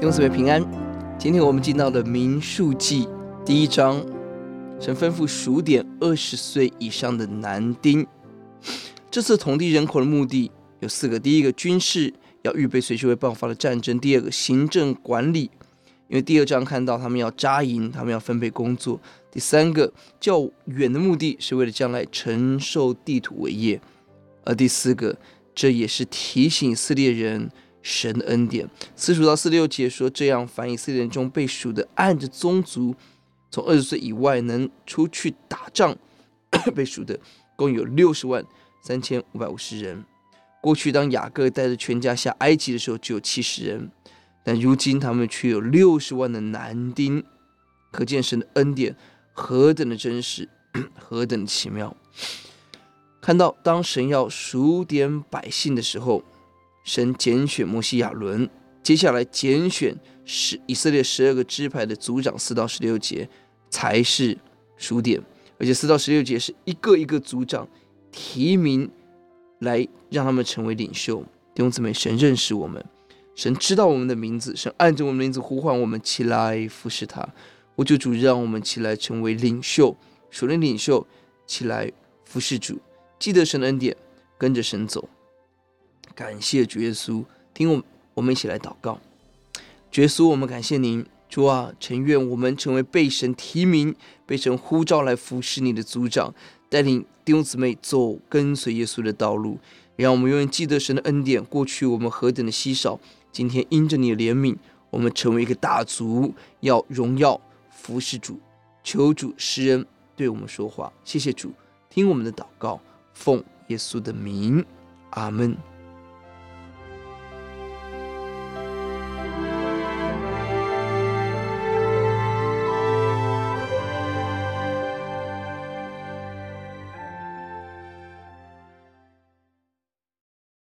弟兄姊妹平安，今天我們進到了《民數記》第一章，神吩咐數點二十歲以上的男丁。這次統計人口的目的有四個：第一個，軍事要預備隨時會爆發的戰爭；第二個，行政管理，因為第二章看到他們要扎營，他們要分配工作；第三個，較遠的目的是為了將來承受地土為業；而第四個，這也是提醒以色列人。神的恩典，四十五到四十六節說，這樣，凡以色列人中被數的，按着宗族，從二十歲以外能出去打仗，被數的共有六十萬三千五百五十人。過去當雅各帶着全家下埃及的時候，只有七十人，但如今他們卻有六十萬的男丁，可見神的恩典何等的真實，何等的奇妙。看到當神要數點百姓的時候。神揀選摩西亞倫，接下來揀選十以色列十二個支派的族長，四到十六節才是數點，而且四到十六節是一個一個族長提名來讓他們成為領袖。弟兄姊妹，神認識我們，神知道我們的名字，神按着我們的名字呼喚我們起來服侍他。我求主讓我們起來成為領袖，率領領袖起來服侍主，記得神的恩典，跟着神走。感謝主耶穌，聽我，我們一起來禱告。主耶穌，我們感謝您，主啊，誠願我們成為被神提名、被神呼召來服侍你的族長，帶領弟兄姊妹走跟隨耶穌的道路。讓我們永遠記得神的恩典。過去我們何等的稀少，今天因着你的憐憫，我們成為一個大族，要榮耀服侍主。求主施恩對我們說話。謝謝主，聽我們的禱告，奉耶穌的名，阿門。